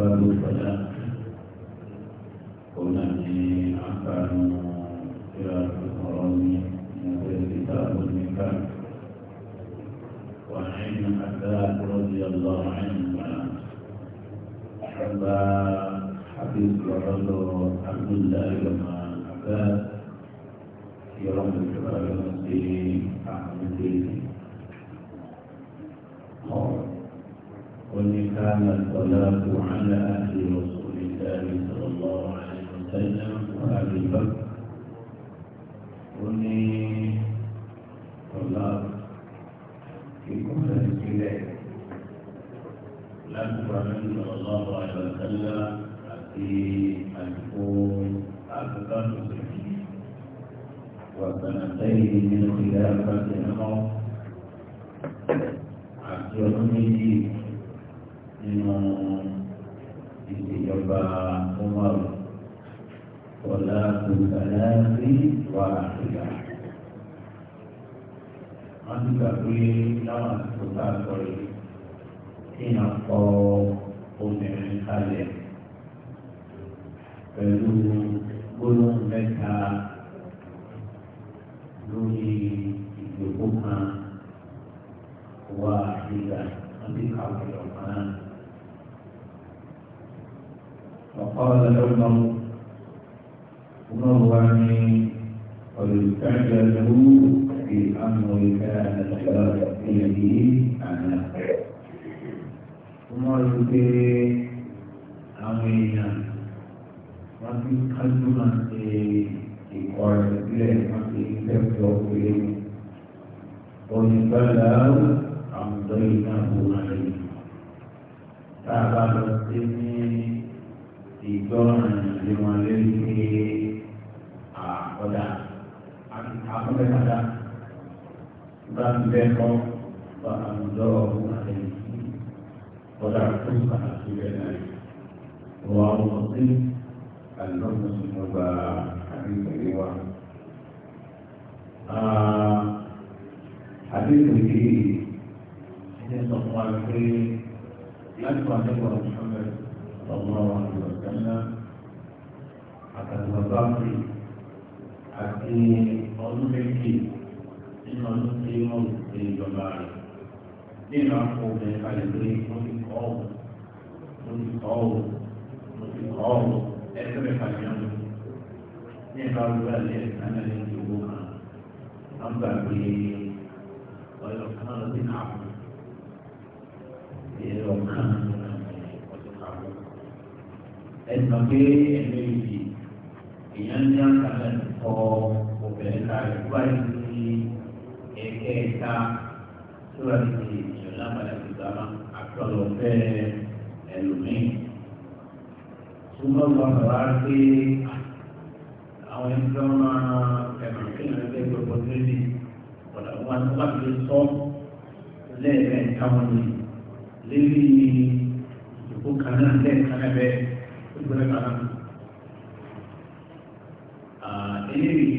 baru pada konani akan رضي الله عنهما أحب حديث وعلو عبد الله بن عباس في رمض الكبار في أحمد قال وإن كان الصلاة على أهل رسول الله صلى الله عليه وسلم وأهل بكر الله عليه وسلم في الكون أكثر وسنتين من خلافة عمر àjọyọ̀mẹ́jì nínú ìṣèjọba Umar ọ̀la tòkàláàbí wà àṣìlá. wọ́n ti gbà pé láwọn àtúntò bá sọ̀rọ̀ kí n kọ́ ọ obìnrin kalẹ̀ pẹ̀lú gbólóhùn mẹ́ta lórí ìgbòho kan wà ìgbà àti àwùjọ kan. وقال عمر عمر واني قد استعجل في امر كان الشرع في يده انا wọ́n rí pé àwọn èèyàn wọ́n ti kájú máa ṣe ìkọ́ rẹ̀ sílẹ̀ wọ́n ti fẹ́ fi ọkọ̀ ilé mi. Onígbàlá àwọn ọ̀dọ́ yìí náà wò wá Tá a bá lọ sí ní ìgbọ́ràn ìlú lórí pé àkọ́dà àkọ́dà padà bá ń bẹ́ẹ̀ kọ́ bá àwọn ọ̀dọ́ ọ̀hún ولا حكم في ذلك رواه مسلم المرمس المباح حديث الرواية حديث الجديد حديث صلى الله عليه وسلم أتبع نبوة محمد صلى الله عليه وسلم حتى المضاقي àti ọdún méjì nínú ọdún tí wọ́n ti jọba rẹ̀ nínú àpò obìnrin kalẹ̀ lórí mo ti kọ́ ọ́ mo ti kọ́ ọ́ mo ti kọ́ ọ́ ẹgbẹ́ mi kalẹ̀ yẹn ní ẹ̀ka olúwa lẹ̀ ẹ̀ka lẹ̀ ní owó kan wọ́n gbà pé ọ̀yọ̀ kan ló ti nà ápò ẹ̀rọ kan ọ̀tún ápò ẹ̀sìn pé ẹ̀mí yìí èèyàn ní àkàlẹ̀ kọ́ obìnrin kalẹ̀ wáyé ní ẹ̀kẹ́ ẹ̀ka tó wà ní ìdílé. lọ́wọ́ bàbá pé àwọn ẹni tó máa ẹ̀mọ̀ kéèyàn ẹgbẹ́ gbogbo lórí ọ̀dà wọn tó bá fi sọ lẹ́ẹ̀mẹ́ táwọn ni lórí ìdìbò kan náà lẹ́ẹ̀kan náà bẹ́ẹ̀ tó gbọ́dọ̀ kan náà. eléyìí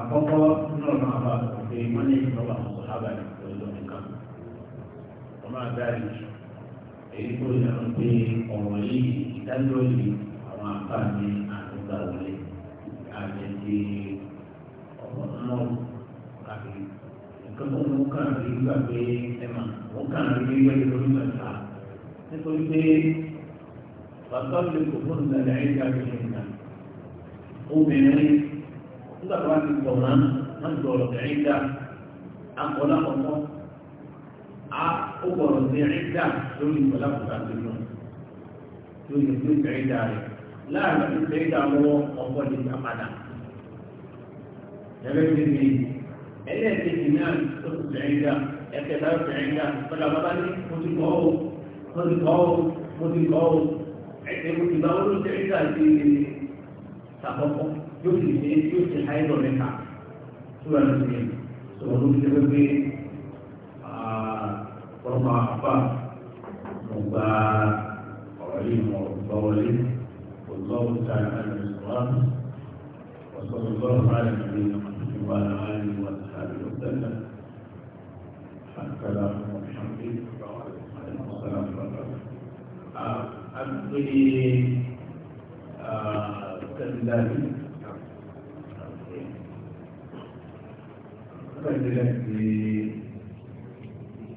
àkọ́kọ́ náà máa bá òfin mọ́lẹ́ ìjọba àwọn ọ̀hábà ní ọjọ́ nìkan. wọ́n máa dárí jù èyí tó yà ń pé ọ̀rọ̀ yìí ìdájọ́ yìí àwọn apá mi àtúgbà wọlé àjẹjì ọ̀rọ̀ náà kàbí nǹkan tó mú kàrí gbà pé ẹ mà wọ́n kàrí gbígbẹ́ lórí mẹ́ta nítorí pé bàtà lè kó fún ìdàlẹ́ ẹ̀ka tó ṣe nà obìnrin nígbà tó wà ti pọ̀ náà wọ́n ti ọ̀rọ̀ ẹ̀ka akọ̀lá ọ̀pọ̀ ó gbọ́dọ̀ sí ẹ̀dá lórí ìgbàlákùtà tó lọ lórí ìgbésẹ̀ ẹ̀dá rẹ̀ láàrin ìgbésẹ̀ ẹ̀dá lọ́wọ́ ọ̀pọ̀ lè gbà padà. Ẹ̀rẹ́ ti ní ẹlẹ́ẹ̀kejì náà ó ti sẹ̀ ẹ̀dá ẹ̀kẹta ó sẹ̀ ẹ̀dá padà bàbá ní mo ti kọ́ ọ́ mo ti ẹ̀kẹ́ mo ti bá ó ló sẹ̀ ẹ̀dá ti sàkọ́kọ́ yóò sì ṣe yóò sì háìlọ̀ mẹ́ta tó wà lóṣèlú sọ̀rọ̀ ló fi ṣe àpá ọgbà ọ̀rọ̀ yìí mọ̀ ọ̀gbà wọlé ọgbà ọ̀tá àìsàn وصلى الله على نبينا محمد وعلى اله وصحبه وسلم حتى لا محمد عليه الصلاه والسلام أبقي كالذاتي كالذاتي